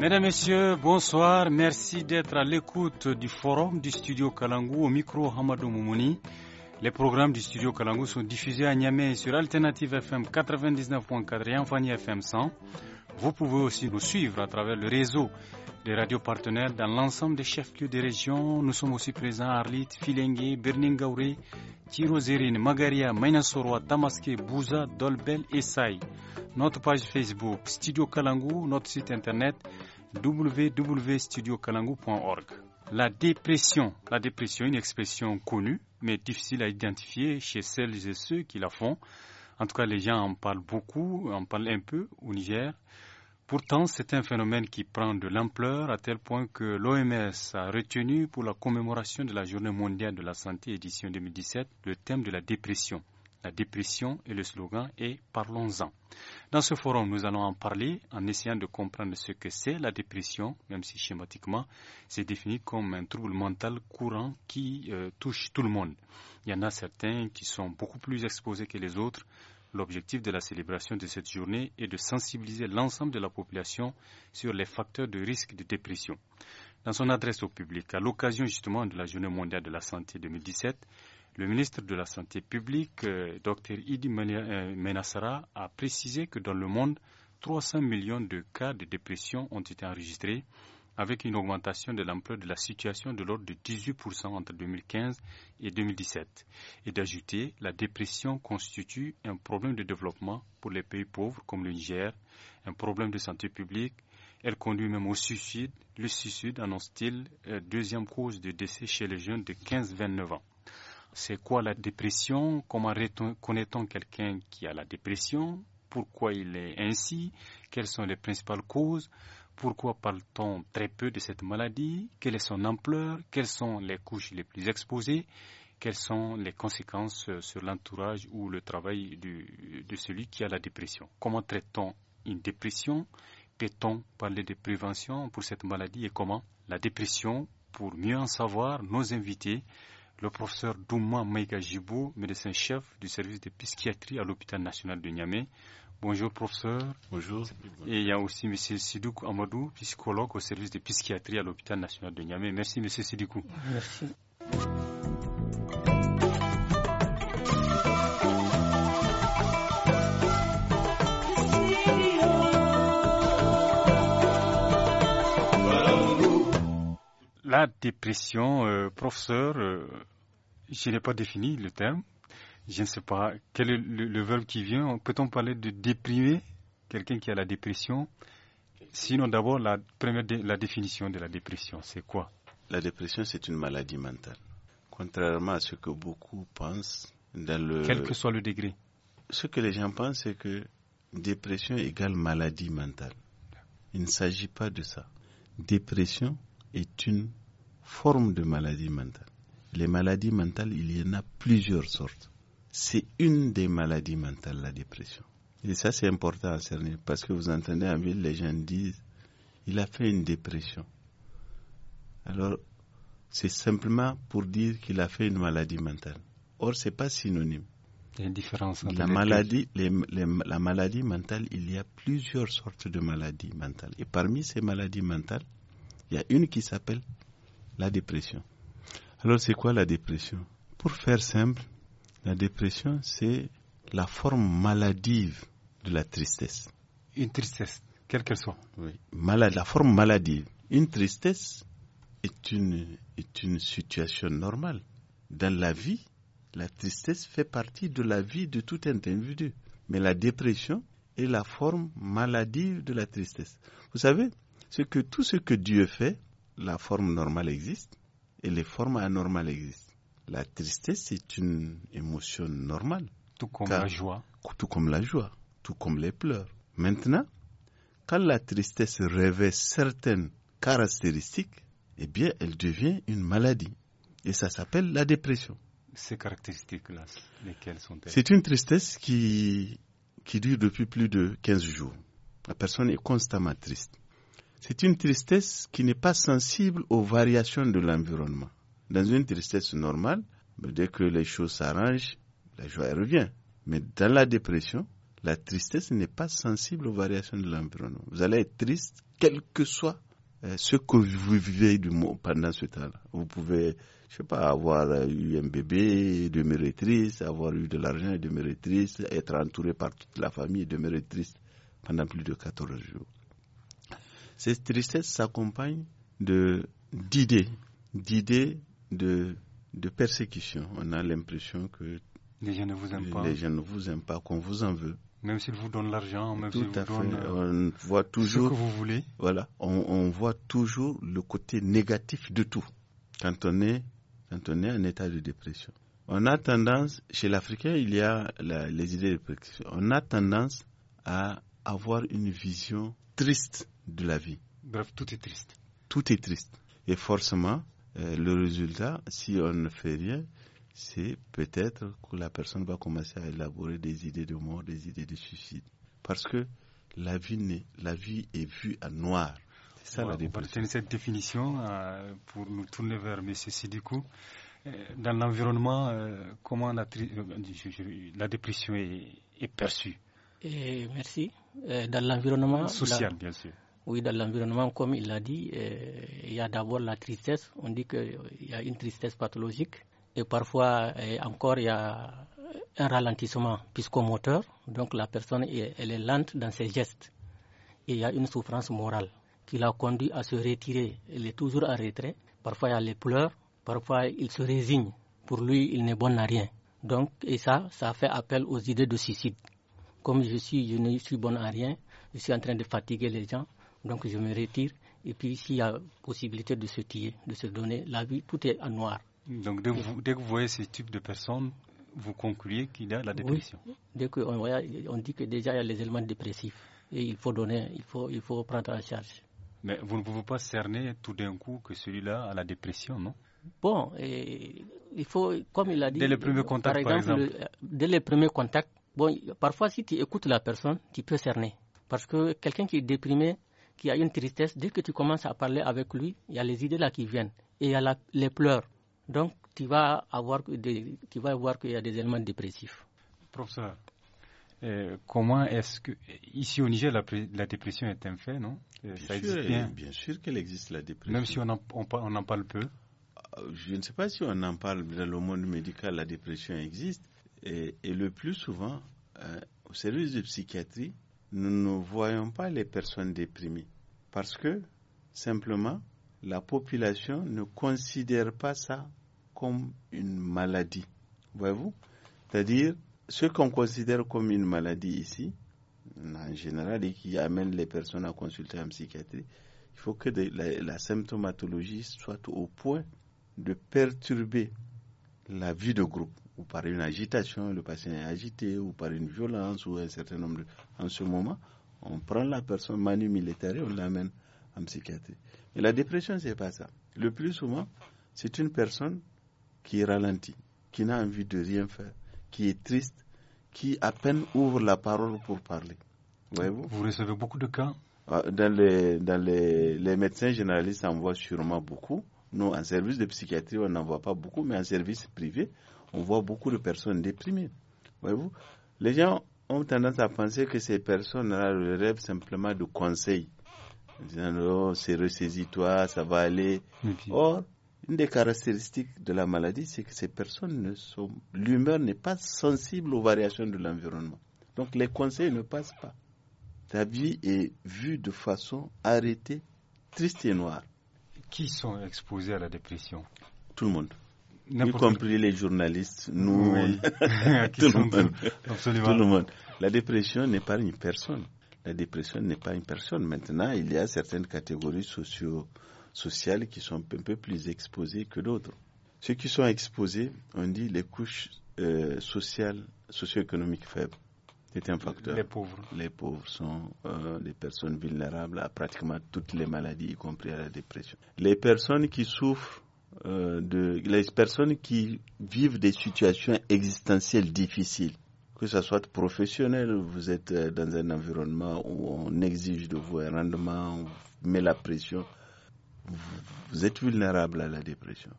Mesdames, Messieurs, bonsoir. Merci d'être à l'écoute du forum du studio Kalangou au micro Hamadou Moumouni. Les programmes du studio Kalangou sont diffusés à Niamey sur Alternative FM 99.4 et Enfani FM 100. Vous pouvez aussi nous suivre à travers le réseau des radios partenaires dans l'ensemble des chefs-lieux des régions. Nous sommes aussi présents à Arlit, Filengue, Berningaouré, Tirozerine, Magaria, Mainasoroa, Tamaské, Bouza, Dolbel et Saï. Notre page Facebook Studio Kalangou, notre site internet www.studiokalangu.org. La dépression, la dépression, une expression connue, mais difficile à identifier chez celles et ceux qui la font. En tout cas, les gens en parlent beaucoup, en parlent un peu au Niger. Pourtant, c'est un phénomène qui prend de l'ampleur à tel point que l'OMS a retenu pour la commémoration de la Journée mondiale de la santé édition 2017 le thème de la dépression. La dépression et le slogan est Parlons-en. Dans ce forum, nous allons en parler en essayant de comprendre ce que c'est la dépression, même si schématiquement, c'est défini comme un trouble mental courant qui euh, touche tout le monde. Il y en a certains qui sont beaucoup plus exposés que les autres. L'objectif de la célébration de cette journée est de sensibiliser l'ensemble de la population sur les facteurs de risque de dépression. Dans son adresse au public, à l'occasion justement de la Journée mondiale de la santé 2017, le ministre de la Santé publique, euh, Dr Idi euh, Menassara, a précisé que dans le monde, 300 millions de cas de dépression ont été enregistrés, avec une augmentation de l'ampleur de la situation de l'ordre de 18% entre 2015 et 2017. Et d'ajouter, la dépression constitue un problème de développement pour les pays pauvres comme le Niger, un problème de santé publique. Elle conduit même au suicide. Le suicide annonce-t-il euh, deuxième cause de décès chez les jeunes de 15-29 ans c'est quoi la dépression, comment connaît on quelqu'un qui a la dépression, pourquoi il est ainsi, quelles sont les principales causes, pourquoi parle-t-on très peu de cette maladie, quelle est son ampleur, quelles sont les couches les plus exposées, quelles sont les conséquences sur l'entourage ou le travail de celui qui a la dépression. Comment traite-t-on une dépression Peut-on parler de prévention pour cette maladie et comment La dépression, pour mieux en savoir, nos invités le professeur Douma Maïga Jibou, médecin-chef du service de psychiatrie à l'hôpital national de Niamey. Bonjour professeur. Bonjour. Et il y a aussi M. Sidouk Amadou, psychologue au service de psychiatrie à l'hôpital national de Niamey. Merci M. Sidoukou. Merci. la dépression, euh, professeur, euh, je n'ai pas défini le terme. Je ne sais pas quel est le, verbe qui vient. Peut-on parler de déprimer quelqu'un qui a la dépression Sinon, d'abord, la première la définition de la dépression, c'est quoi La dépression, c'est une maladie mentale. Contrairement à ce que beaucoup pensent, dans le... quel que soit le degré. Ce que les gens pensent, c'est que dépression égale maladie mentale. Il ne s'agit pas de ça. Dépression est une forme de maladie mentale. Les maladies mentales, il y en a plusieurs sortes. C'est une des maladies mentales, la dépression. Et ça, c'est important à cerner parce que vous entendez en ville, les gens disent il a fait une dépression. Alors, c'est simplement pour dire qu'il a fait une maladie mentale. Or, ce n'est pas synonyme. Il y a une différence entre la les maladie, La maladie mentale, il y a plusieurs sortes de maladies mentales. Et parmi ces maladies mentales, il y a une qui s'appelle la dépression. Alors c'est quoi la dépression Pour faire simple, la dépression c'est la forme maladive de la tristesse. Une tristesse, quelle qu'elle soit. Oui, malade, la forme maladive. Une tristesse est une, est une situation normale. Dans la vie, la tristesse fait partie de la vie de tout individu. Mais la dépression est la forme maladive de la tristesse. Vous savez, ce que tout ce que Dieu fait, la forme normale existe et les formes anormales existent. La tristesse, est une émotion normale. Tout comme la joie. Tout comme la joie, tout comme les pleurs. Maintenant, quand la tristesse revêt certaines caractéristiques, eh bien, elle devient une maladie. Et ça s'appelle la dépression. Ces caractéristiques-là, lesquelles sont-elles C'est une tristesse qui, qui dure depuis plus de 15 jours. La personne est constamment triste. C'est une tristesse qui n'est pas sensible aux variations de l'environnement. Dans une tristesse normale, dès que les choses s'arrangent, la joie revient. Mais dans la dépression, la tristesse n'est pas sensible aux variations de l'environnement. Vous allez être triste, quel que soit euh, ce que vous vivez pendant ce temps-là. Vous pouvez, je sais pas, avoir euh, eu un bébé, demeurer triste, avoir eu de l'argent, demeurer triste, être entouré par toute la famille, demeurer triste pendant plus de 14 jours. Cette tristesse s'accompagne d'idées, d'idées de, de persécution. On a l'impression que les gens ne vous aiment pas. ne vous pas, qu'on vous en veut. Même s'ils vous donnent l'argent, même s'ils vous donnent euh, on voit toujours, ce que vous voulez. Voilà, on, voit toujours le côté négatif de tout quand on est, quand on est en état de dépression. On a tendance, chez l'Africain, il y a les idées de persécution. On a tendance à avoir une vision triste de la vie. Bref, tout est triste. Tout est triste. Et forcément, euh, le résultat, si on ne fait rien, c'est peut-être que la personne va commencer à élaborer des idées de mort, des idées de suicide. Parce que la vie, la vie est vue à noir. C'est ça la dépression. cette définition euh, pour nous tourner vers M. Sidikou. Euh, dans l'environnement, comment la, la dépression est, perçue et merci. Dans l'environnement social, bien sûr. Oui, dans l'environnement, comme il l'a dit, euh, il y a d'abord la tristesse. On dit qu'il y a une tristesse pathologique. Et parfois, euh, encore, il y a un ralentissement psychomoteur. Donc la personne, elle est lente dans ses gestes. Et il y a une souffrance morale qui l'a conduit à se retirer. Elle est toujours en retrait. Parfois, il y a les pleurs. Parfois, il se résigne. Pour lui, il n'est bon à rien. Donc, et ça, ça fait appel aux idées de suicide. Comme je suis, je ne suis bon à rien. Je suis en train de fatiguer les gens. Donc je me retire. Et puis s'il y a possibilité de se tirer, de se donner la vie, tout est en noir. Donc dès, vous, que vous voyez ce type de personnes, vous concluez qu'il y a la dépression. Oui. Dès qu'on on dit que déjà il y a les éléments dépressifs et il faut donner, il faut, il faut prendre en charge. Mais vous ne pouvez pas cerner tout d'un coup que celui-là a la dépression, non Bon, il faut, comme il a dit, dès le premier contact, par exemple, dès le premier contact, bon, parfois si tu écoutes la personne, tu peux cerner, parce que quelqu'un qui est déprimé, y a une tristesse, dès que tu commences à parler avec lui, il y a les idées là qui viennent et il y a les pleurs. Donc, tu vas avoir tu vas voir qu'il y a des éléments dépressifs. Professeur, euh, comment est-ce que ici au Niger la, dépression est un fait, non euh, bien sûr, bien. sûr qu'elle existe la dépression. Même si on en, parle peu. Euh, je ne sais pas si on en parle dans le monde médical, la dépression existe. Et, le plus souvent, au service de psychiatrie, nous ne voyons pas les personnes déprimées parce que simplement la population ne considère pas ça comme une maladie. Voyez-vous C'est-à-dire, ce qu'on considère comme une maladie ici, en général, et qui amène les personnes à consulter en psychiatrie, il faut que la, symptomatologie soit au point de perturber la vie de groupe ou par une agitation, le patient est agité, ou par une violence, ou un certain nombre de... En ce moment, on prend la personne manu militaire et on l'amène en psychiatrie. Mais la dépression, ce n'est pas ça. Le plus souvent, c'est une personne qui est ralentie, qui n'a envie de rien faire, qui est triste, qui à peine ouvre la parole pour parler. Voyez-vous recevez beaucoup de cas ah, Dans les, médecins généralistes en voit sûrement beaucoup. Nous, en service de psychiatrie, on n'en voit pas beaucoup, mais en service privé, on voit beaucoup de personnes déprimées. Voyez-vous Les gens ont tendance à penser que ces personnes-là rêvent simplement de conseils. En disant, oh, c'est ressaisis-toi, ça va aller. Or, une des caractéristiques de la maladie, c'est que ces personnes ne sont. L'humeur n'est pas sensible aux variations de l'environnement. Donc, les conseils ne passent pas. Ta vie est vue de façon arrêtée, triste et noire. Qui sont exposés à la dépression Tout le monde y compris les journalistes, nous, tout, le monde. tout le monde. La dépression n'est pas une personne. La dépression n'est pas une personne. Maintenant, il y a certaines catégories socio sociales qui sont un peu plus exposées que d'autres. Ceux qui sont exposés, on dit les couches euh, sociales, socio-économiques faibles. C'est un facteur. Les pauvres. Les pauvres sont les euh, des personnes vulnérables à pratiquement toutes les maladies, y compris à la dépression. Les personnes qui souffrent euh, de les personnes qui vivent des situations existentielles difficiles, que ce soit professionnel, vous êtes euh, dans un environnement où on exige de vous un rendement, on met la pression, vous êtes vulnérable à la dépression.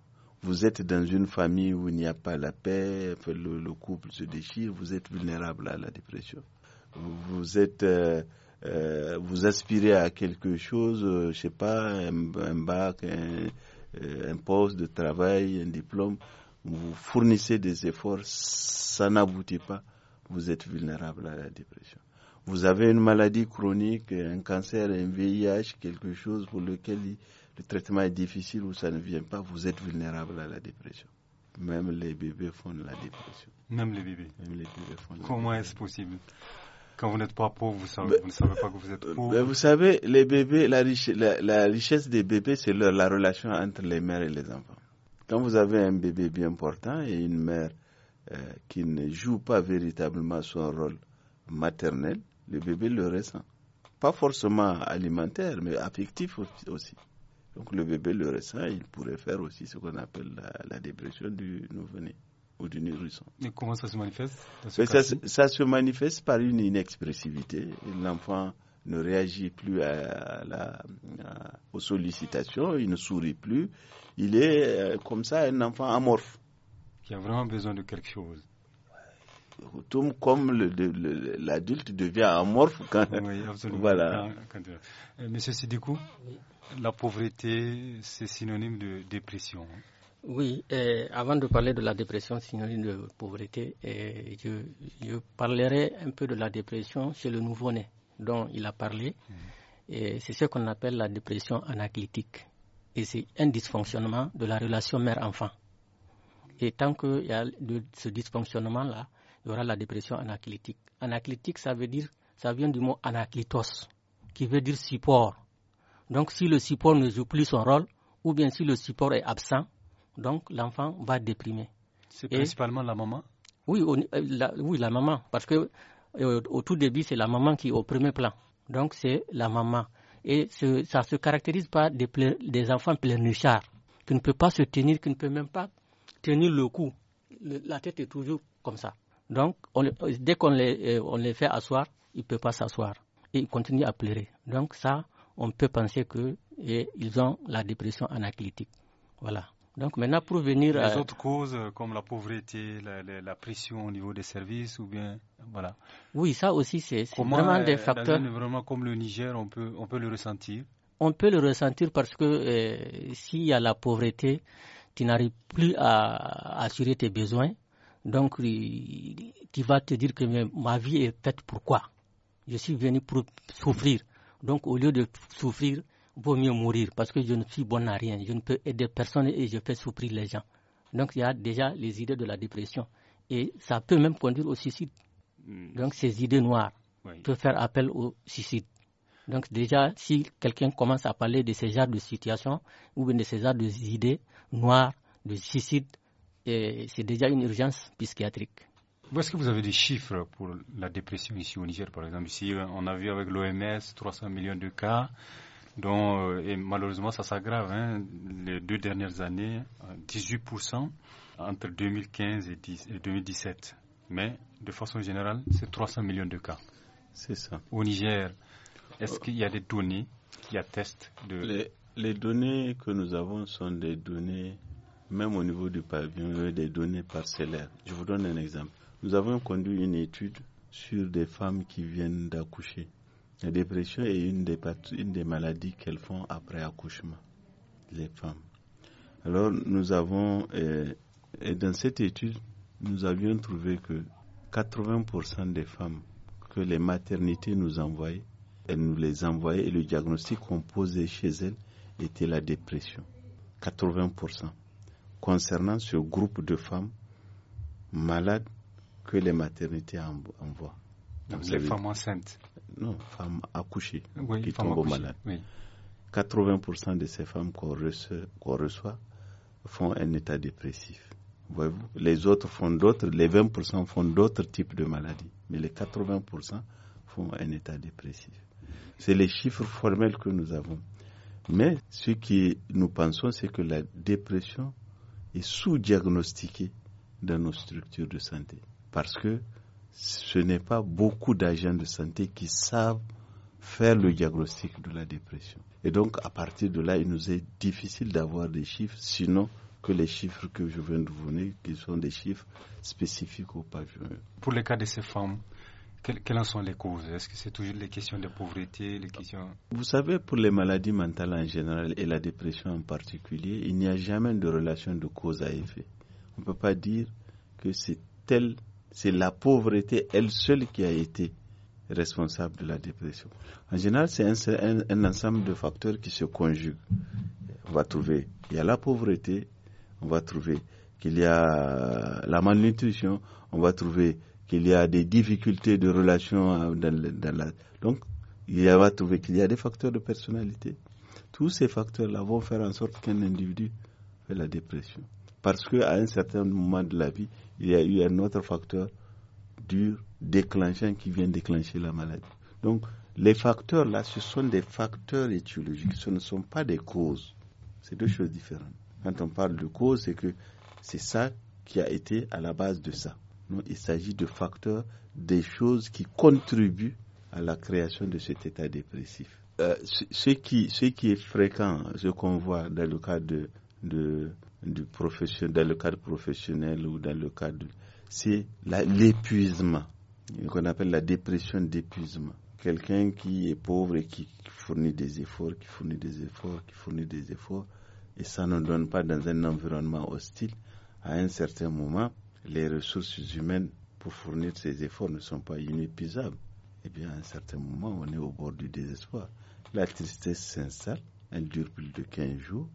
Vous êtes dans une famille où il n'y a pas la paix, le, couple se déchire, vous êtes vulnérable à la dépression. Vous êtes euh, vous aspirez à quelque chose, je sais pas, un, un bac, un, euh, un poste de travail, un diplôme, vous fournissez des efforts, ça n'aboutit pas, vous êtes vulnérable à la dépression. Vous avez une maladie chronique, un cancer, un VIH, quelque chose pour lequel le traitement est difficile ou ça ne vient pas, vous êtes vulnérable à la dépression. Même les bébés font de la dépression. Même les bébés. Même les bébés font Comment est-ce possible quand vous n'êtes pas pauvre, vous, savez, ne savez pas que vous êtes pauvre. vous savez, les bébés, la, la, richesse des bébés, c'est la relation entre les mères et les enfants. Quand vous avez un bébé bien portant et une mère euh, qui ne joue pas véritablement son rôle maternel, le bébé le ressent. Pas forcément alimentaire, mais affectif aussi. Donc le bébé le ressent, il pourrait faire aussi ce qu'on appelle la dépression du nouveau-né. Et comment ça se manifeste ça, se manifeste par une inexpressivité. L'enfant ne réagit plus à la, euh, aux sollicitations, il ne sourit plus. Il est euh, comme ça un enfant amorphe. Qui a vraiment besoin de quelque chose. Tout comme l'adulte devient amorphe quand. Oui, absolument. voilà. Ah, euh, monsieur Sidikou, la pauvreté, c'est synonyme de dépression. Hein. Oui, eh, avant de parler de la dépression synonyme de pauvreté, eh, je, parlerai un peu de la dépression chez le nouveau-né dont il a parlé. Mm. Et eh, c'est ce qu'on appelle la dépression anaclytique, Et c'est un dysfonctionnement de la relation mère-enfant. Et tant qu'il y a ce dysfonctionnement-là, il y aura la dépression anaclytique. Anaclitique, ça veut dire, ça vient du mot anaclitos, qui veut dire support. Donc si le support ne joue plus son rôle, ou bien si le support est absent, donc l'enfant va déprimer. C'est principalement la maman oui, euh, la, oui, la maman. Parce que euh, au tout début, c'est la maman qui est au premier plan. Donc c'est la maman. Et ce, ça se caractérise par des, enfants pleurnichards, qui ne peuvent pas se tenir, qui ne peuvent même pas tenir le cou. la tête est toujours comme ça. Donc euh, dès qu'on les, les fait asseoir, ils ne peuvent pas s'asseoir. Et ils continuent à pleurer. Donc ça, on peut penser qu'ils ont la dépression anaclitique. Voilà. Donc maintenant, pour venir les à... autres causes euh, comme la pauvreté, la, pression au niveau des services ou bien voilà. Oui, ça aussi c'est vraiment euh, des facteurs. Dans comme le Niger, on peut on peut le ressentir. On peut le ressentir parce que euh, s'il y a la pauvreté, tu n'arrives plus à, à assurer tes besoins. Donc tu vas te dire que ma vie est faite pour quoi Je suis venu pour souffrir. Donc au lieu de souffrir, vaut mieux mourir parce que je ne suis bon à rien, je ne peux aider personne et je fais souffrir les gens. Donc il y a déjà les idées de la dépression et ça peut même conduire au suicide. Hmm. Donc ces idées noires peuvent faire appel au suicide. Donc déjà, si quelqu'un commence à parler de ces genres de situations ou de ces genres d'idées noires, de suicide, c'est déjà une urgence psychiatrique. Est-ce que vous avez des chiffres pour la dépression ici au Niger, par exemple Ici, on a vu avec l'OMS 300 millions de cas. Euh, et malheureusement, ça s'aggrave. Hein, les deux dernières années, 18% entre 2015 et, 2017. Mais, de façon générale, c'est 300 millions de cas. C'est ça. Au Niger, est-ce qu'il y a des données qui attestent de... Les, données que nous avons sont des données, même au niveau du pavillon, des données parcellaires. Je vous donne un exemple. Nous avons conduit une étude sur des femmes qui viennent d'accoucher. La dépression est une des, maladies qu'elles font après accouchement, les femmes. Alors nous avons, euh, dans cette étude, nous avions trouvé que 80% des femmes que les maternités nous envoyaient, elles nous les envoyaient et le diagnostic qu'on posait chez elles était la dépression. 80%. Concernant ce groupe de femmes malades que les maternités envoient les femmes enceintes Non, femmes accouchées qui tombent malades. 80% de ces femmes qu'on reçoit, font un état dépressif. Les autres font d'autres, les 20% font d'autres types de maladies, mais les 80% font un état dépressif. C'est les chiffres formels que nous avons. Mais ce que nous pensons, c'est que la dépression est sous-diagnostiquée dans nos structures de santé. Parce que ce n'est pas beaucoup d'agents de santé qui savent faire le diagnostic de la dépression. Et donc, à partir de là, il nous est difficile d'avoir des chiffres, sinon que les chiffres que je viens de vous donner, qui sont des chiffres spécifiques au pavillon. Pour le cas de ces femmes, quelles, en sont les causes Est-ce que c'est toujours les questions de pauvreté les questions... Vous savez, pour les maladies mentales en général et la dépression en particulier, il n'y a jamais de relation de cause à effet. On ne peut pas dire que c'est tel c'est la pauvreté elle seule qui a été responsable de la dépression. En général, c'est un, ensemble de facteurs qui se conjuguent. On va trouver, il y a la pauvreté, on va trouver qu'il y a la malnutrition, on va trouver qu'il y a des difficultés de relation. Euh, donc, il y va trouver qu'il y a des facteurs de personnalité. Tous ces facteurs-là vont faire en sorte qu'un individu fait la dépression. Parce qu'à un certain moment de la vie, il y a eu un autre facteur dur déclenchant qui vient déclencher la maladie. Donc, les facteurs là, ce sont des facteurs étiologiques, ce ne sont pas des causes. C'est deux choses différentes. Quand on parle de cause, c'est que c'est ça qui a été à la base de ça. il s'agit de facteurs, des choses qui contribuent à la création de cet état dépressif. Euh, ce, qui, ce qui est fréquent, ce qu'on voit dans le cas de, de du dans le cadre professionnel ou dans le cadre, c'est l'épuisement, qu'on appelle la dépression d'épuisement. Quelqu'un qui est pauvre et qui fournit des efforts, qui fournit des efforts, qui fournit des efforts, et ça ne donne pas dans un environnement hostile, à un certain moment, les ressources humaines pour fournir ces efforts ne sont pas inépuisables. Et eh bien, à un certain moment, on est au bord du désespoir. La tristesse s'installe, elle dure plus de 15 jours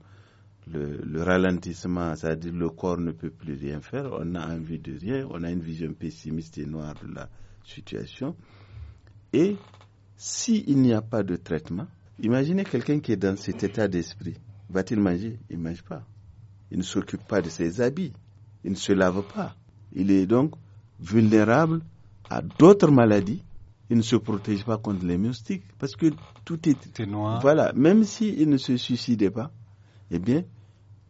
le, ralentissement, c'est-à-dire le corps ne peut plus rien faire, on a envie de rien, on a une vision pessimiste et noire de la situation. Et s'il il n'y a pas de traitement, imaginez quelqu'un qui est dans cet état d'esprit. Va-t-il manger Il ne mange pas. Il ne s'occupe pas de ses habits. Il ne se lave pas. Il est donc vulnérable à d'autres maladies. Il ne se protège pas contre les moustiques parce que tout est, noir. Voilà, même s'il ne se suicidait pas, eh bien,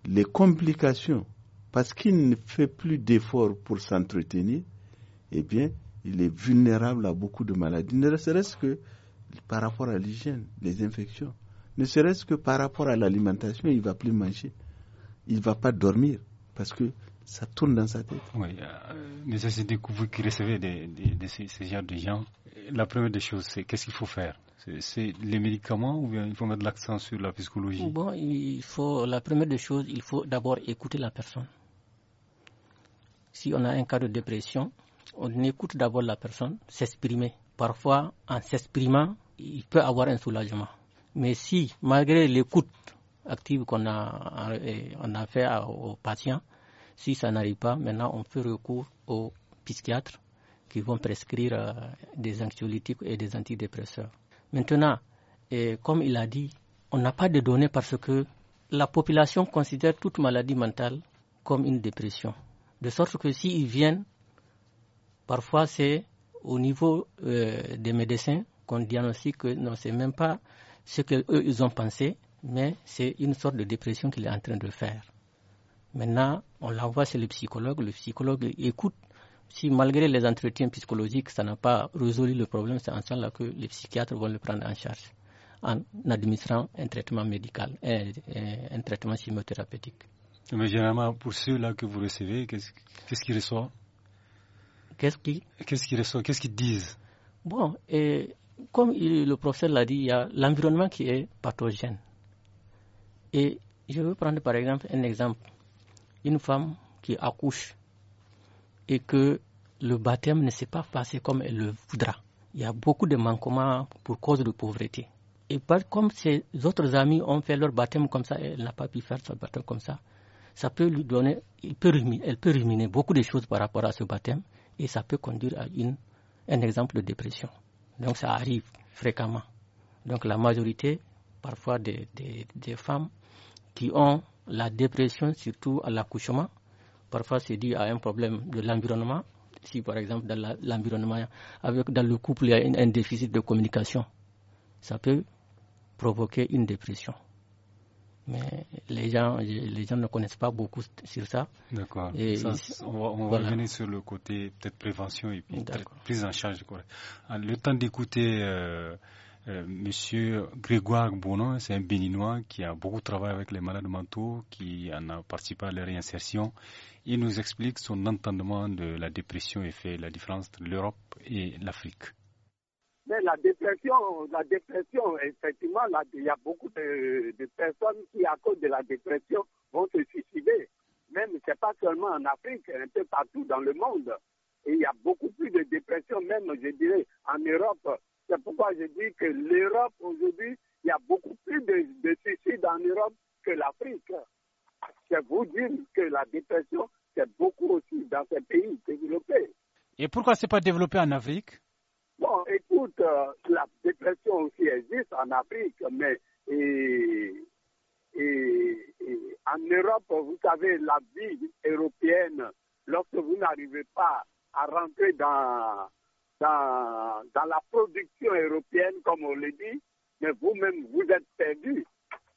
les complications, parce qu'il ne fait plus d'efforts pour s'entretenir, eh bien, il est vulnérable à beaucoup de maladies, ne serait-ce que par rapport à l'hygiène, les infections, ne serait-ce que par rapport à l'alimentation, il ne va plus manger, il ne va pas dormir, parce que ça tourne dans sa tête. Oui, mais euh, ça, c'est découvert qu'il recevait des, de ces, de gens la première des choses, c'est qu'est-ce qu'il faut faire C'est les médicaments ou il faut mettre l'accent sur la psychologie la première des choses, il faut d'abord écouter la personne. Si on a un cas de dépression, on écoute d'abord la personne s'exprimer. Parfois, en s'exprimant, il peut avoir un soulagement. Mais si, malgré l'écoute active qu'on a, on a fait aux patients, si ça n'arrive pas, maintenant on fait recours au psychiatre qui vont prescrire euh, des anxiolytiques et des antidépresseurs. Maintenant, et comme il a dit, on n'a pas de données parce que la population considère toute maladie mentale comme une dépression. De sorte que s'ils viennent, parfois c'est au niveau euh, des médecins qu'on diagnostique que non, c'est même pas ce qu'eux ils ont pensé, mais c'est une sorte de dépression qu'il est en train de faire. Maintenant, on l'envoie chez le psychologue, le psychologue écoute si malgré les entretiens psychologiques, ça n'a pas résolu le problème, c'est en temps-là que les psychiatres vont le prendre en charge en administrant un traitement médical, un, traitement chimiothérapeutique. Mais généralement, pour ceux-là que vous recevez, qu'est-ce qu'ils reçoivent Qu'est-ce qu'ils Qu'est-ce qu'ils disent Bon, et comme le professeur l'a dit, il y a l'environnement qui est pathogène. Et je vais prendre par exemple un exemple. Une femme qui accouche et que le baptême ne s'est pas passé comme elle le voudra. Il y a beaucoup de manquements pour cause de pauvreté. Et pas comme ses autres amis ont fait leur baptême comme ça, elle n'a pas pu faire son baptême comme ça, ça peut lui donner, il peut elle peut ruminer beaucoup de choses par rapport à ce baptême et ça peut conduire à une, un exemple de dépression. Donc ça arrive fréquemment. Donc la majorité, parfois des, des femmes qui ont la dépression, surtout à l'accouchement, parfois c'est dû à un problème de l'environnement. Si par exemple dans l'environnement, avec dans le couple, il y a un, déficit de communication, ça peut provoquer une dépression. Mais les gens, les gens ne connaissent pas beaucoup sur ça. D'accord. On va, revenir sur le côté peut-être prévention et puis prise en charge. Ah, le temps d'écouter euh, euh, Monsieur Grégoire Bonon, c'est un Béninois qui a beaucoup travaillé avec les malades mentaux, qui en a participé à la réinsertion il nous explique son entendement de la dépression et fait la différence entre l'Europe et l'Afrique. Mais la dépression, la dépression, effectivement, il y a beaucoup de, personnes qui, à cause de la dépression, vont se suicider. Même, ce n'est pas seulement en Afrique, c'est un peu partout dans le monde. Et il y a beaucoup plus de dépression, même, je dirais, en Europe. C'est pourquoi je dis que l'Europe, aujourd'hui, il y a beaucoup plus de suicides en Europe que l'Afrique. C'est vous dire que la dépression, c'est beaucoup aussi dans ces pays développés. Et pourquoi ce n'est pas développé en Afrique Bon, écoute, euh, la dépression aussi existe en Afrique, mais et, en Europe, vous savez, la vie européenne, lorsque vous n'arrivez pas à rentrer dans, dans, dans, la production européenne, comme on le dit, mais vous-même, vous êtes perdu.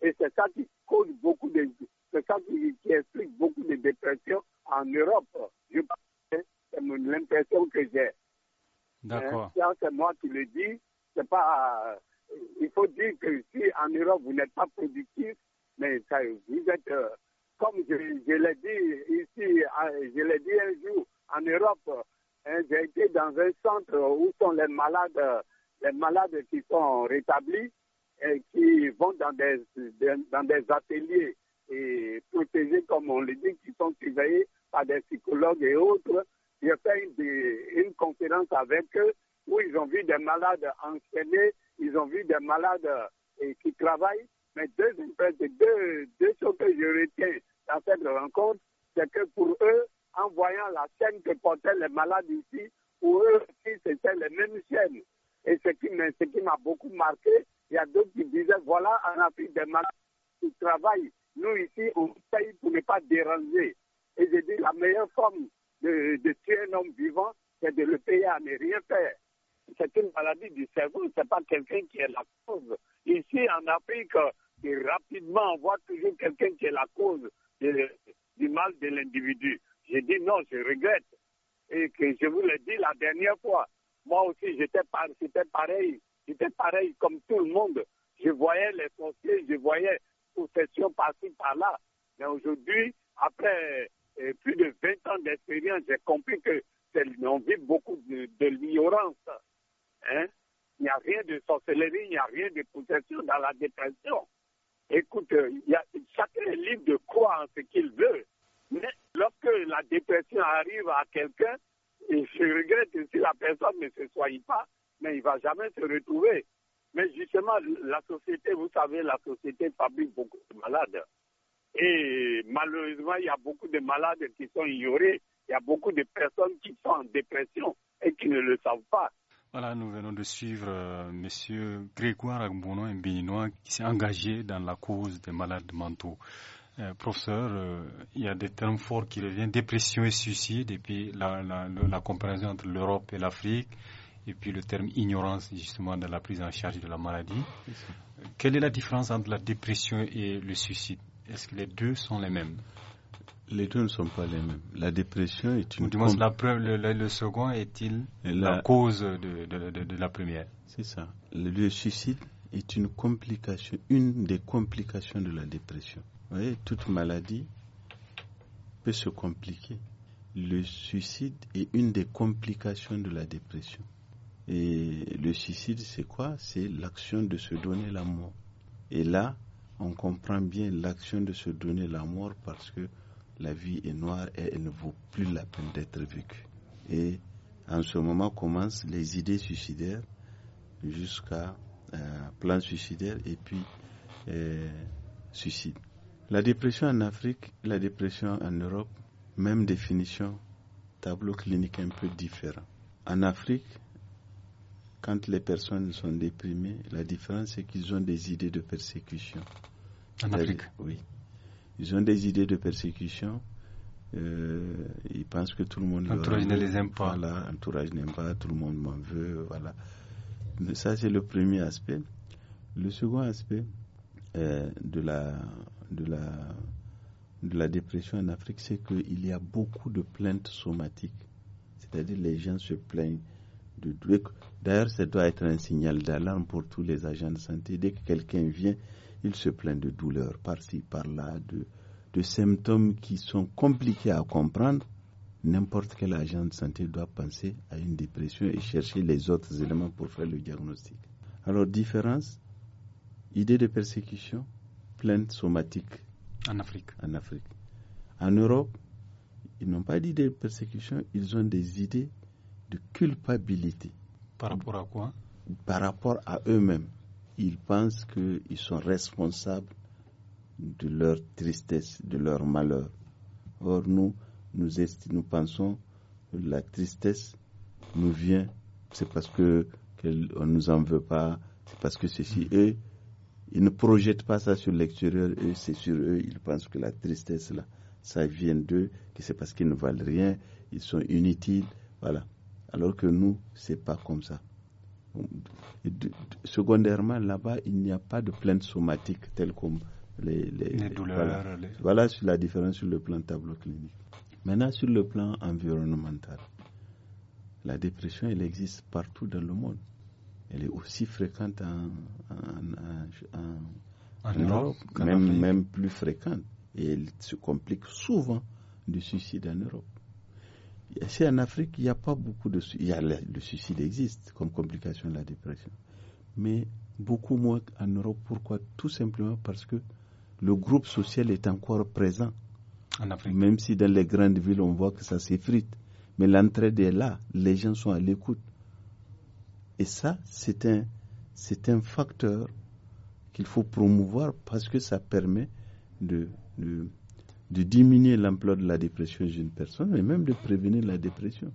Et c'est ça qui cause beaucoup de, c'est ça qui explique beaucoup de dépressions en Europe. Je c'est l'impression que j'ai. Hein, D'accord. c'est moi qui le dis. C'est pas. Euh, il faut dire que si en Europe vous n'êtes pas productif, mais ça, vous êtes. Euh, comme je, l'ai dit ici, euh, je l'ai dit un jour en Europe, hein, j'ai été dans un centre où sont les malades, les malades qui sont rétablis et qui vont dans des, dans des ateliers et protégés, comme on le dit, qui sont surveillés par des psychologues et autres. J'ai fait une, conférence avec eux où ils ont vu des malades enchaînés, ils ont vu des malades et euh, qui travaillent. Mais deux, deux choses que je retiens dans cette rencontre, c'est que pour eux, en voyant la chaîne que portaient les malades ici, pour eux aussi, c'était les mêmes chaînes. Et ce qui, ce qui m'a beaucoup marqué, il y a d'autres qui disaient, voilà, en Afrique, des malades qui travaillent nous, ici, on paye pour ne pas déranger. Et j'ai dit, la meilleure forme de, de tuer un homme vivant, c'est de le payer à ne rien faire. C'est une maladie du cerveau, c'est pas quelqu'un qui est la cause. Ici, en Afrique, rapidement, on voit toujours quelqu'un qui est la cause du mal de l'individu. J'ai dit non, je regrette. Et que je vous l'ai dit la dernière fois, moi aussi, j'étais pareil, j'étais pareil comme tout le monde. Je voyais les fonciers, je voyais possession par-ci, par-là. Mais aujourd'hui, après euh, plus de 20 ans d'expérience, j'ai compris que on vit beaucoup de, l'ignorance. Hein? Il n'y a rien de sorcellerie, il n'y a rien de possession dans la dépression. Écoute, euh, il y a, chacun est libre de croire en ce qu'il veut. Mais lorsque la dépression arrive à quelqu'un, il je regrette que si la personne ne se soigne pas, mais il ne va jamais se retrouver. Mais justement, la société, vous savez, la société fabrique beaucoup de malades. Et malheureusement, il y a beaucoup de malades qui sont ignorés. Il y a beaucoup de personnes qui sont en dépression et qui ne le savent pas. Voilà, nous venons de suivre euh, M. Grégoire Agbouno, un béninois, qui s'est engagé dans la cause des malades mentaux. Euh, professeur, euh, il y a des termes forts qui reviennent, dépression et suicide, et puis la, la, la comparaison entre l'Europe et l'Afrique, et puis le terme ignorance justement dans la prise en charge de la maladie. Quelle est la différence entre la dépression et le suicide Est-ce que les deux sont les mêmes les deux ne sont pas les mêmes. La dépression est une. Du moins, la preuve, le, second est-il la... cause de, la première C'est ça. Le, le, suicide est une complication, une des complications de la dépression. Vous voyez, toute maladie peut se compliquer. Le suicide est une des complications de la dépression. Et le suicide, c'est quoi C'est l'action de se donner la mort. Et là, on comprend bien l'action de se donner la mort parce que la vie est noire et elle ne vaut plus la peine d'être vécue. Et en ce moment commencent les idées suicidaires jusqu'à euh, plan suicidaire et puis euh, suicide. La dépression en Afrique, la dépression en Europe, même définition, tableau clinique un peu différent. En Afrique, quand les personnes sont déprimées, la différence c'est qu'ils ont des idées de persécution. En Afrique Oui. Ils ont des idées de persécution. Euh, ils pensent que tout le monde... L'entourage ne les aime pas. Voilà, Entourage n'aime pas, tout le monde m'en veut, voilà. Ça, c'est le premier aspect. Le second aspect euh, de, la, de, la, de la dépression en Afrique, c'est qu'il y a beaucoup de plaintes somatiques. C'est-à-dire les gens se plaignent D'ailleurs, ça doit être un signal d'alarme pour tous les agents de santé. Dès que quelqu'un vient, il se plaint de douleurs par-ci, par-là, de, de symptômes qui sont compliqués à comprendre. N'importe quel agent de santé doit penser à une dépression et chercher les autres éléments pour faire le diagnostic. Alors, différence, idée de persécution, plainte somatique. En Afrique. En Afrique. En Europe, ils n'ont pas d'idée de persécution, ils ont des idées de culpabilité. Par rapport à quoi Par rapport à eux-mêmes. Ils pensent qu'ils sont responsables de leur tristesse, de leur malheur. Or, nous, nous, nous pensons que la tristesse nous vient, c'est parce que qu'on ne nous en veut pas, c'est parce que ceci, mm-hmm. eux, ils ne projettent pas ça sur l'extérieur, c'est sur eux, ils pensent que la tristesse, là, ça vient d'eux, que c'est parce qu'ils ne valent rien, ils sont inutiles, voilà. Alors que nous, ce n'est pas comme ça. secondairement, là-bas, il n'y a pas de plainte somatique telle comme les, douleurs. Voilà, la différence sur le plan tableau clinique. Maintenant, sur le plan environnemental, la dépression, elle existe partout dans le monde. Elle est aussi fréquente en, Europe, même, même plus fréquente. Et elle se complique souvent du suicide en Europe. Si en Afrique, il n'y a pas beaucoup de il le, suicide existe comme complication de la dépression, mais beaucoup moins en Europe. Pourquoi Tout simplement parce que le groupe social est encore présent. En Afrique. Même si dans les grandes villes on voit que ça s'effrite, mais l'entraide est là, les gens sont à l'écoute. Et ça, c'est un c'est un facteur qu'il faut promouvoir parce que ça permet de, de de diminuer l'ampleur de la dépression chez une personne et même de prévenir la dépression.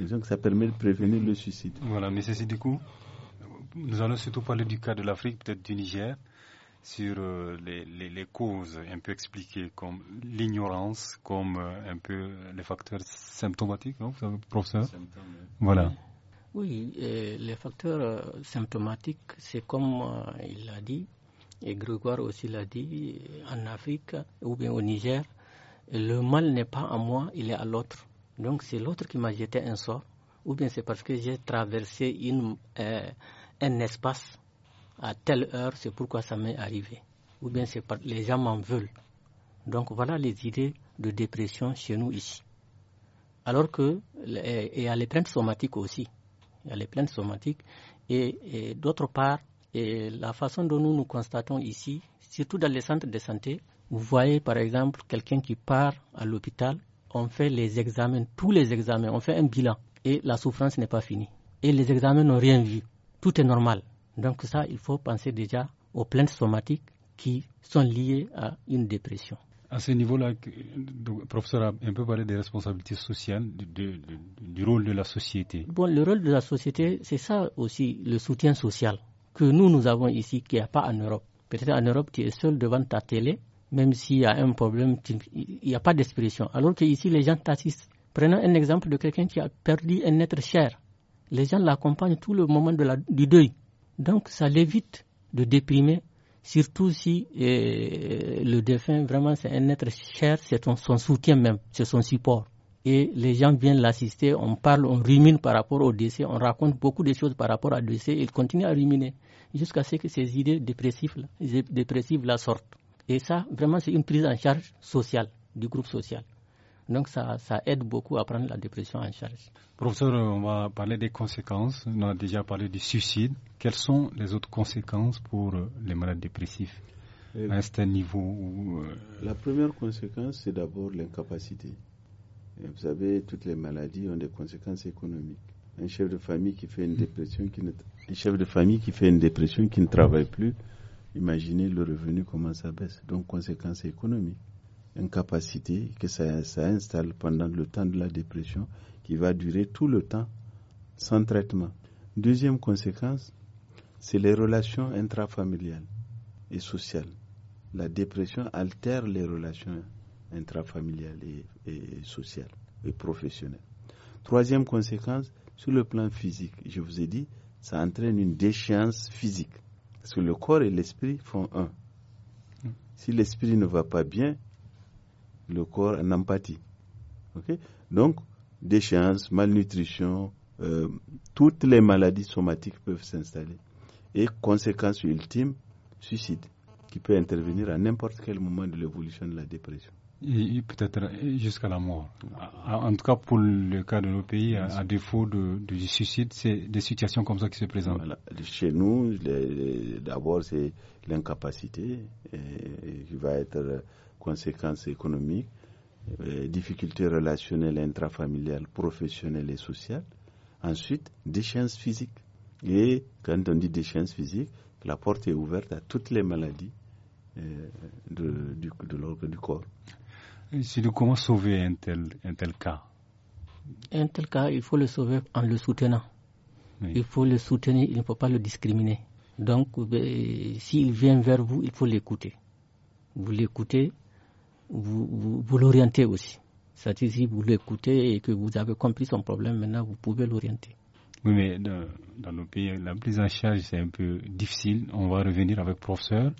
Disons que ça permet de prévenir le suicide. Voilà, mais ceci du coup, nous allons surtout parler du cas de l'Afrique, peut-être du Niger, sur euh, les, causes un peu expliquées, comme l'ignorance, comme euh, un peu les facteurs symptomatiques, non, hein, professeur Voilà. Oui, les facteurs euh, symptomatiques, c'est comme il l'a dit, et Grégoire aussi l'a dit, euh, en Afrique euh, ou bien au Niger, le mal n'est pas à moi, il est à l'autre. Donc c'est l'autre qui m'a jeté un sort, ou bien c'est parce que j'ai traversé une, euh, un espace à telle heure, c'est pourquoi ça m'est arrivé. Ou bien c'est parce que les gens m'en veulent. Donc voilà les idées de dépression chez nous ici. Alors que, et à les plaintes somatiques aussi. Il y a les plaintes somatiques. et d'autre part, et la façon dont nous nous constatons ici, surtout dans les centres de santé, vous voyez par exemple quelqu'un qui part à l'hôpital, on fait les examens, tous les examens, on fait un bilan et la souffrance n'est pas finie. Et les examens n'ont rien vu. Tout est normal. Donc ça, il faut penser déjà aux plaintes somatiques qui sont liées à une dépression. À ce niveau-là, le professeur a un peu parlé des responsabilités sociales, du rôle de la société. Bon, le rôle de la société, c'est ça aussi, le soutien social que nous, nous avons ici, qu'il n'y a pas en Europe. Peut-être en Europe, tu es seul devant ta télé, même s'il y a un problème, il n'y a pas d'expression. Alors qu'ici, les gens t'assistent. Prenons un exemple de quelqu'un qui a perdu un être cher. Les gens l'accompagnent tout le moment de du deuil. Donc, ça l'évite de déprimer, surtout si euh, le défunt, vraiment, c'est un être cher, c'est son soutien même, c'est son support et les gens viennent l'assister, on parle, on rumine par rapport au décès, on raconte beaucoup de choses par rapport au décès, et ils continuent à ruminer jusqu'à ce que ces idées dépressives, la sortent. Et ça, vraiment, c'est une prise en charge sociale, du groupe social. Donc ça, ça, aide beaucoup à prendre la dépression en charge. Professeur, on va parler des conséquences. On a déjà parlé du suicide. Quelles sont les autres conséquences pour euh, les malades dépressifs euh, à un certain niveau euh, La première conséquence, c'est d'abord l'incapacité vous savez, toutes les maladies ont des conséquences économiques. Un chef de famille qui fait une dépression, qui ne, un chef de famille qui fait une dépression, qui ne travaille plus, imaginez le revenu comment ça baisse. Donc, conséquences économiques. Incapacité que ça, ça installe pendant le temps de la dépression qui va durer tout le temps sans traitement. Deuxième conséquence, c'est les relations intrafamiliales et sociales. La dépression altère les relations intrafamiliale et, social sociale et professionnelle. Troisième conséquence, sur le plan physique, je vous ai dit, ça entraîne une déchéance physique. Parce que le corps et l'esprit font un. Si l'esprit ne va pas bien, le corps en empathie. Donc, déchéance, malnutrition, euh, toutes les maladies somatiques peuvent s'installer. Et conséquence ultime, suicide, qui peut intervenir à n'importe quel moment de l'évolution de la dépression peut-être jusqu'à la mort. En tout cas, pour le cas de nos pays, à, défaut de, suicide, c'est des situations comme ça qui se présentent. Chez nous, d'abord, c'est l'incapacité qui va être conséquence économique, difficultés relationnelles, intrafamiliales, professionnelles et sociales. Ensuite, déchéance physique. Et quand on dit déchéance physique, la porte est ouverte à toutes les maladies de, euh, de, de du corps comment sauver un tel, cas Un tel cas, il faut le sauver en le soutenant. Il faut le soutenir, il ne faut pas le discriminer. Donc, euh, s'il vient vers vous, il faut l'écouter. Vous l'écoutez, vous, vous, l'orientez aussi. C'est-à-dire, si vous l'écoutez et que vous avez compris son problème, maintenant, vous pouvez l'orienter. Oui, mais dans, nos pays, la prise en charge, c'est un peu difficile. On va revenir avec professeur.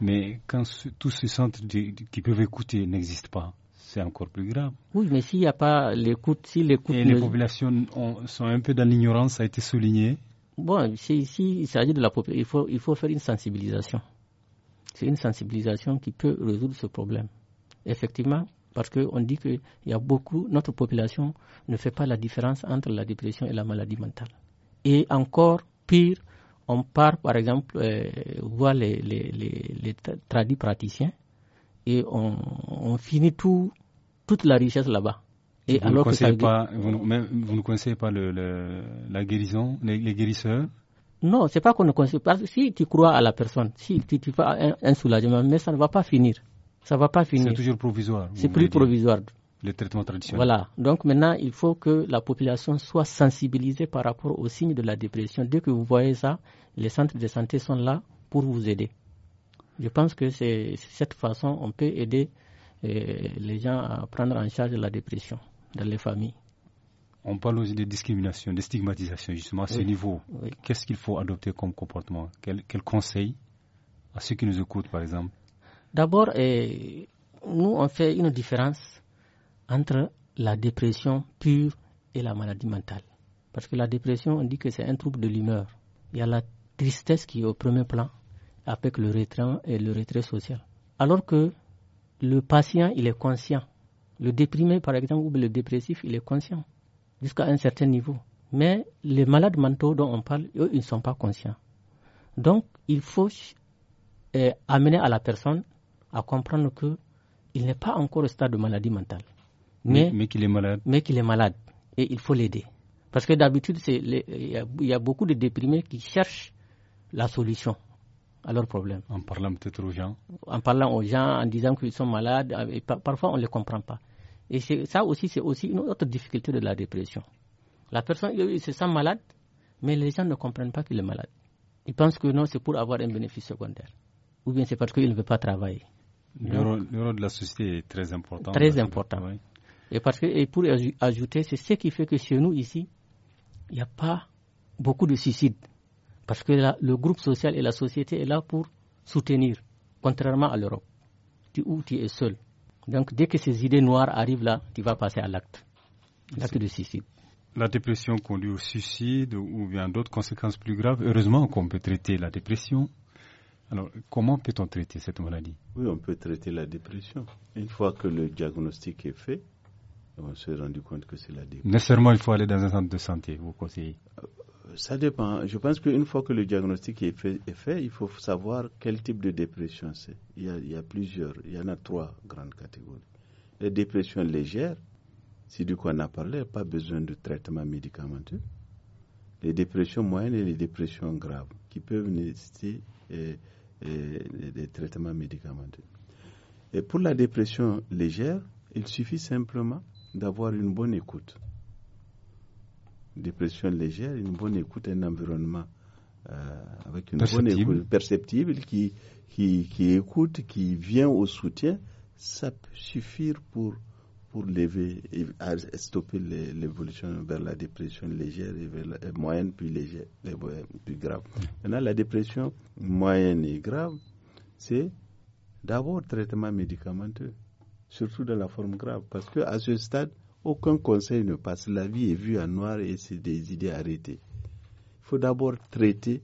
Mais quand ce, tous ces centres qui peuvent écouter n'existent pas, c'est encore plus grave. Oui, mais s'il n'y a pas l'écoute, si l'écoute. Et les populations sont un peu dans l'ignorance, ça a été souligné. Bon, si, il s'agit de la population, il faut faire une sensibilisation. C'est une sensibilisation qui peut résoudre ce problème. Effectivement, parce qu'on dit qu'il y a beaucoup, notre population ne fait pas la différence entre la dépression et la maladie mentale. Et encore pire, on part par exemple euh, voir les, les, tradis praticiens et on, finit tout, toute la richesse là-bas. Et vous, alors ne pas, vous, ne conseillez pas la guérison, les, guérisseurs Non, ce n'est pas qu'on ne conseille pas. Si tu crois à la personne, si tu, tu fais un, un, soulagement, mais ça ne va pas finir ça ne va pas finir. C'est toujours provisoire. C'est plus provisoire. Le traitement traditionnel Voilà. Donc maintenant, il faut que la population soit sensibilisée par rapport aux signes de la dépression. Dès que vous voyez ça, les centres de santé sont là pour vous aider. Je pense que c'est cette façon on peut aider euh, les gens à prendre en charge la dépression dans les familles. On parle aussi de discrimination, de stigmatisation, justement à ce niveau. Qu'est-ce qu'il faut adopter comme comportement quel conseil à ceux qui nous écoutent, par exemple D'abord, eh, nous, on fait une différence entre la dépression pure et la maladie mentale. Parce que la dépression, on dit que c'est un trouble de l'humeur. Il y a la tristesse qui est au premier plan avec le retrait et le retrait social. Alors que le patient, il est conscient. Le déprimé, par exemple, ou le dépressif, il est conscient jusqu'à un certain niveau. Mais les malades mentaux dont on parle, eux, ils ne sont pas conscients. Donc, il faut eh, amener à la personne à comprendre que il n'est pas encore au stade de maladie mentale. Mais, mais, qu'il est malade. Mais qu'il est malade. Et il faut l'aider. Parce que d'habitude, il y, a beaucoup de déprimés qui cherchent la solution à leurs problème. En parlant peut-être aux gens. En parlant aux gens, en disant qu'ils sont malades. Euh, et parfois, on ne les comprend pas. Et ça aussi, c'est aussi une autre difficulté de la dépression. La personne, il, se sent malade, mais les gens ne comprennent pas qu'il est malade. Ils pensent que non, c'est pour avoir un bénéfice secondaire. Ou bien c'est parce qu'il ne veut pas travailler. Le rôle de la société est très important. Très important. Et, parce que, et pour ajouter, c'est ce qui fait que chez nous, ici, il n'y a pas beaucoup de suicides. Parce que le groupe social et la société est là pour soutenir, contrairement à l'Europe, où tu es seul. Donc, dès que ces idées noires arrivent là, tu vas passer à l'acte, l'acte de suicide. La dépression conduit au suicide ou bien d'autres conséquences plus graves. Heureusement qu'on peut traiter la dépression alors, comment peut-on traiter cette maladie Oui, on peut traiter la dépression. Une fois que le diagnostic est fait, on s'est rendu compte que c'est la dépression. Nécessairement, il faut aller dans un centre de santé, vous conseillez euh, Ça dépend. Hein. Je pense qu'une fois que le diagnostic est fait, il faut savoir quel type de dépression c'est. Il, y a plusieurs, il y en a trois grandes catégories. Les dépressions légères, c'est du quoi on a parlé, pas besoin de traitement médicamenteux. Les dépressions moyennes et les dépressions graves, qui peuvent nécessiter et, des traitements médicamenteux. Et pour la dépression légère, il suffit simplement d'avoir une bonne écoute. Dépression légère, une bonne écoute, un environnement euh, avec une bonne écoute perceptible qui, qui, qui écoute, qui vient au soutien, ça peut suffire pour pour lever et stopper l'évolution vers la dépression légère et moyenne puis légère, puis grave. Maintenant, la dépression moyenne et grave, c'est d'abord traitement médicamenteux, surtout dans la forme grave, parce que à ce stade, aucun conseil ne passe. La vie est vue en noir et c'est des idées arrêtées. Il faut d'abord traiter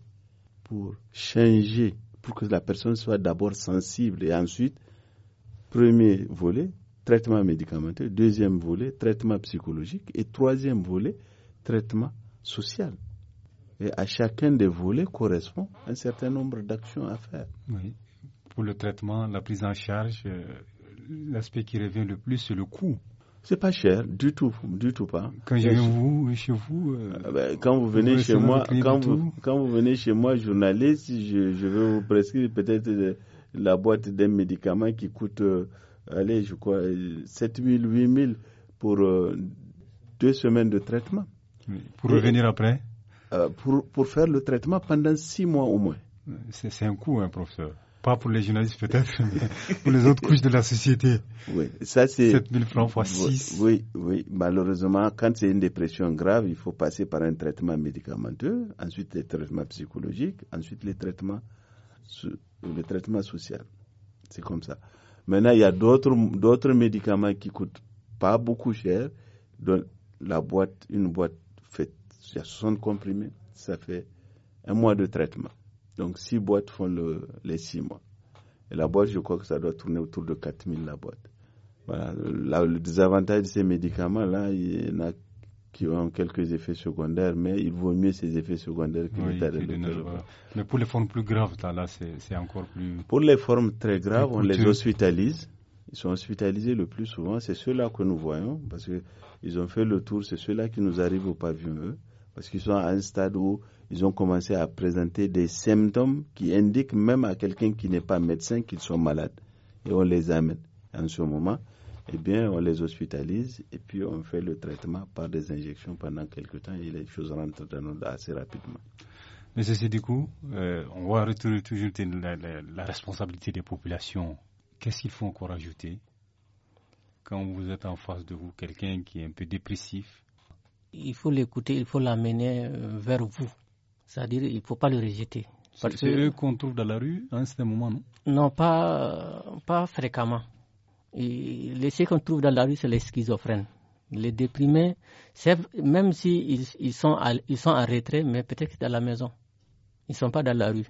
pour changer, pour que la personne soit d'abord sensible et ensuite, premier volet, traitement médicamenteux, deuxième volet, traitement psychologique, et troisième volet, traitement social. Et à chacun des volets correspond un certain nombre d'actions à faire. Oui. Pour le traitement, la prise en charge, euh, l'aspect qui revient le plus, c'est le coût. C'est pas cher, du tout, du tout pas. Quand je vous, chez vous, euh, ah ben, quand vous venez chez moi, quand vous, quand vous, venez chez moi, journaliste, je, je vais vous prescrire peut-être euh, la boîte d'un médicament qui coûte allez, je crois, 7 000, 8 000 pour euh, deux semaines de traitement. Pour revenir après euh, pour, pour, faire le traitement pendant six mois au moins. C'est un coût, hein, professeur. Pas pour les journalistes peut-être, mais pour les autres couches de la société. Oui, ça c'est. 7 000 francs fois 6. Oui, oui. Malheureusement, quand c'est une dépression grave, il faut passer par un traitement médicamenteux, ensuite les traitements psychologiques, ensuite les traitements, le traitement social. C'est comme ça. Maintenant, il y a d'autres médicaments qui coûtent pas beaucoup cher. Donc, la boîte, une boîte fait, il y a 60 comprimés, ça fait un mois de traitement. Donc, six boîtes font les six mois. Et la boîte, je crois que ça doit tourner autour de 4000 la boîte. Voilà. le désavantage de ces médicaments-là, il n'y en a qui ont quelques effets secondaires, mais il vaut mieux ces effets secondaires que oui, de Mais pour les formes plus graves, là, là c'est encore plus. Pour les formes très graves, on les hospitalise. Ils sont hospitalisés le plus souvent. C'est ceux-là que nous voyons, parce qu'ils ont fait le tour. C'est ceux-là qui nous arrivent au pavillon, parce qu'ils sont à un stade où ils ont commencé à présenter des symptômes qui indiquent même à quelqu'un qui n'est pas médecin qu'ils sont malades. Et on les amène. En ce moment, eh bien, on les hospitalise et puis on fait le traitement par des injections pendant quelques temps et les choses rentrent dans l'ordre assez rapidement. Mais c'est du coup, euh, on va retourner toujours la, responsabilité des populations. Qu'est-ce qu'il faut encore ajouter quand vous êtes en face de vous quelqu'un qui est un peu dépressif Il faut l'écouter, il faut l'amener euh, vers vous. C'est-à-dire, il ne faut pas le rejeter. C'est que... eux qu'on trouve dans la rue en ce moment, non Non, pas, euh, pas fréquemment les qu'on trouve dans la rue, c'est les schizophrènes. Les déprimés, même s'ils ils sont, sont en retrait, mais peut-être dans la maison. Ils ne sont pas dans la rue.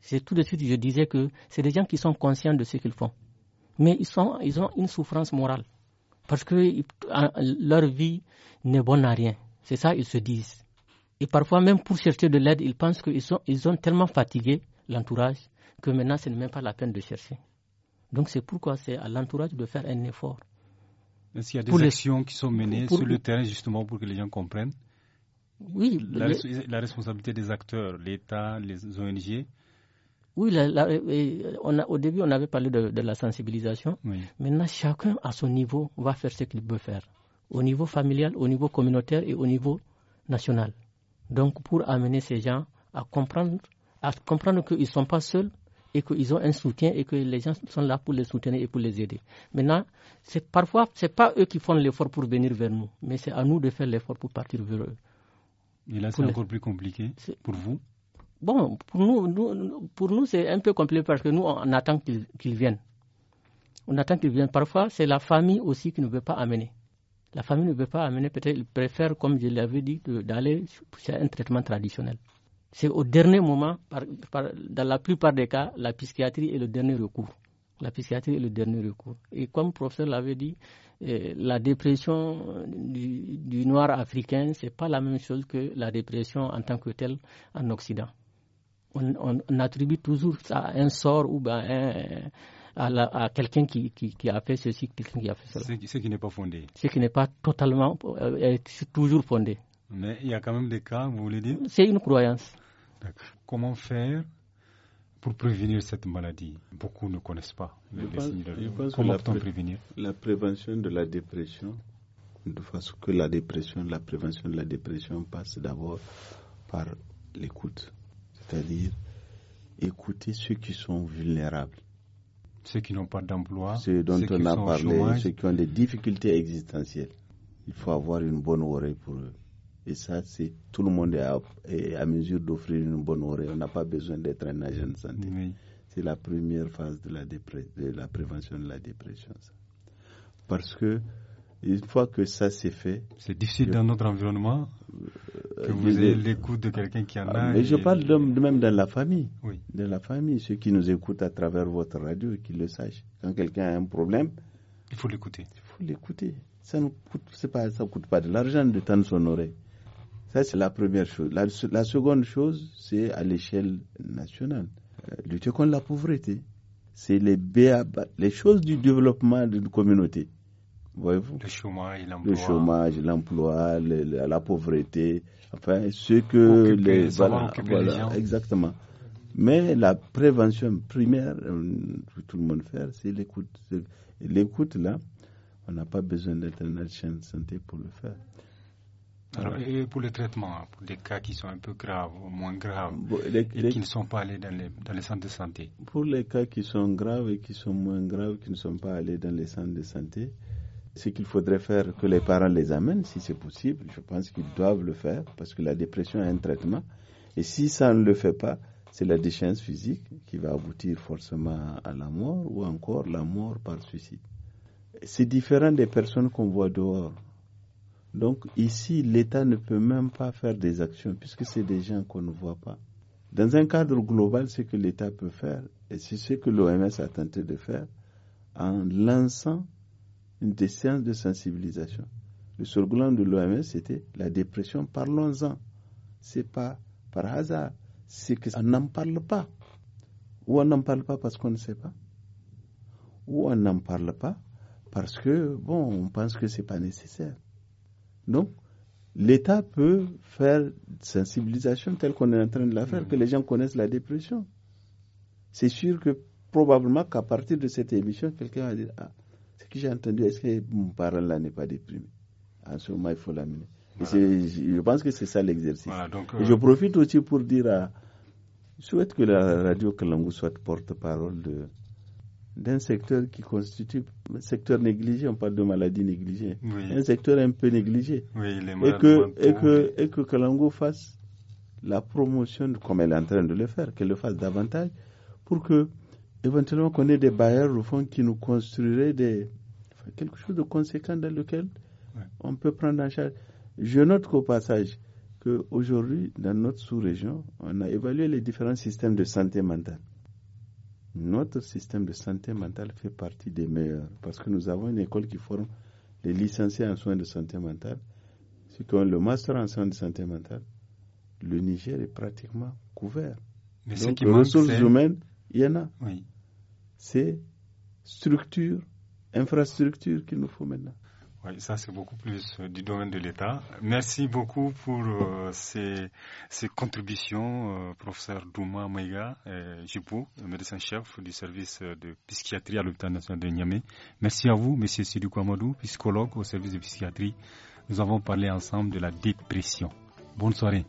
C'est tout de suite, je disais que c'est des gens qui sont conscients de ce qu'ils font. Mais ils, sont, ils ont une souffrance morale. Parce que leur vie n'est bonne à rien. C'est ça, ils se disent. Et parfois, même pour chercher de l'aide, ils pensent qu'ils ils tellement fatigué l'entourage, que maintenant, ce n'est même pas la peine de chercher. Donc c'est pourquoi c'est à l'entourage de faire un effort. Est-ce qu'il y a des actions qui sont menées sur le terrain justement pour que les gens comprennent Oui. La, responsabilité des acteurs, l'État, les ONG Oui, au début on avait parlé de, la sensibilisation. Maintenant, chacun à son niveau va faire ce qu'il peut faire, au niveau familial, au niveau communautaire et au niveau national. Donc pour amener ces gens à comprendre, à comprendre qu'ils ne sont pas seuls et qu'ils ont un soutien et que les gens sont là pour les soutenir et pour les aider. Maintenant, c'est parfois, ce n'est pas eux qui font l'effort pour venir vers nous, mais c'est à nous de faire l'effort pour partir vers eux. Et là, c'est encore plus compliqué pour vous Bon, pour nous, pour nous c'est un peu compliqué parce que nous, on attend qu'ils viennent. On attend qu'ils viennent. Parfois, c'est la famille aussi qui ne veut pas amener. La famille ne veut pas amener, peut-être, ils préfèrent, comme je l'avais dit, d'aller chez un traitement traditionnel. C'est au dernier moment, dans la plupart des cas, la psychiatrie est le dernier recours. La psychiatrie est le dernier recours. Et comme le professeur l'avait dit, euh, la dépression euh, du, noir africain, ce n'est pas la même chose que la dépression en tant que telle en Occident. On, attribue toujours ça à un sort ou à, quelqu'un qui, qui, a fait ceci, quelqu'un qui a fait cela. Ce qui n'est pas fondé. Ce qui n'est pas totalement, c'est euh, toujours fondé. Mais il y a quand même des cas, vous voulez dire C'est une croyance. Comment faire pour prévenir cette maladie Beaucoup ne connaissent pas les de Comment peut prévenir La prévention de la dépression, de façon que la dépression, la prévention de la dépression passe d'abord par l'écoute, c'est-à-dire écouter ceux qui sont vulnérables. Ceux qui n'ont pas d'emploi, ceux dont on a parlé, ceux qui ont des difficultés existentielles. Il faut avoir une bonne oreille pour eux. Et ça, c'est tout le monde est à, à mesure d'offrir une bonne oreille. On n'a pas besoin d'être un agent de santé. C'est la première phase de la, de la prévention de la dépression. Parce que une fois que ça c'est fait, c'est difficile dans notre environnement que euh, vous ayez l'écoute de quelqu'un qui en a. mais je parle de, même dans la famille, oui. de la famille, ceux qui nous écoutent à travers votre radio, qui le sachent. Quand quelqu'un a un problème, il faut l'écouter. Il faut l'écouter. Ça ne coûte, pas, ça coûte pas de l'argent de tendre son oreille. Ça, c'est la première chose. La, seconde chose, c'est à l'échelle nationale. Euh, lutter contre la pauvreté. C'est les les choses du développement d'une communauté. Voyez-vous Le chômage, l'emploi. Le chômage, l'emploi, la pauvreté. Enfin, ce que les. Voilà, exactement. Mais la prévention primaire euh, tout le monde fait, c'est l'écoute. L'écoute, là, on n'a pas besoin d'être un agent de santé pour le faire. Alors, ah et pour le traitement, pour des cas qui sont un peu graves ou moins graves, et qui ne sont pas allés dans les, centres de santé Pour les cas qui sont graves et qui sont moins graves, qui ne sont pas allés dans les centres de santé, ce qu'il faudrait faire, que les parents les amènent, si c'est possible. Je pense qu'ils doivent le faire, parce que la dépression a un traitement. Et si ça ne le fait pas, c'est la déchéance physique qui va aboutir forcément à la mort ou encore la mort par suicide. C'est différent des personnes qu'on voit dehors. Donc ici, l'État ne peut même pas faire des actions puisque c'est des gens qu'on ne voit pas. Dans un cadre global, ce que l'État peut faire, et c'est ce que l'OMS a tenté de faire, en lançant une des séances de sensibilisation. Le slogan de l'OMS, c'était la dépression, parlons-en. C'est pas par hasard, c'est qu'on n'en parle pas. Ou on n'en parle pas parce qu'on ne sait pas. Ou on n'en parle pas parce que, bon, on pense que c'est pas nécessaire. Donc, l'État peut faire sensibilisation telle qu'on est en train de la faire, que les gens connaissent la dépression. C'est sûr que probablement qu'à partir de cette émission, quelqu'un va dire Ah, ce que j'ai entendu, est-ce que mon parent là n'est pas déprimé En ce moment, il faut l'amener. Je pense que c'est ça l'exercice. Euh, je profite aussi pour dire à. Je souhaite que la radio Kalangu soit porte-parole de d'un secteur qui constitue un secteur négligé, on parle de maladie négligée, un secteur un peu négligé. et, que, et, que, et que Kalango fasse la promotion, comme elle est en train de le faire, qu'elle le fasse davantage, pour que éventuellement qu'on ait des bailleurs au fond qui nous construiraient des, quelque chose de conséquent dans lequel on peut prendre en charge. Je note qu'au passage, qu'aujourd'hui, dans notre sous-région, on a évalué les différents systèmes de santé mentale notre système de santé mentale fait partie des meilleurs parce que nous avons une école qui forme les licenciés en soins de santé mentale, Si qui as le master en soins de santé mentale. Le Niger est pratiquement couvert. Mais ce qui les ressources humaines, il y en a. Oui. C'est structure, infrastructure qu'il nous faut maintenant. Oui, ça c'est beaucoup plus euh, du domaine de l'État. Merci beaucoup pour euh, ces, contributions, euh, professeur Douma Maïga Jipou, médecin-chef du service de psychiatrie à l'hôpital national de Niamey. Merci à vous, monsieur Sidou Kamadou, psychologue au service de psychiatrie. Nous avons parlé ensemble de la dépression. Bonne soirée.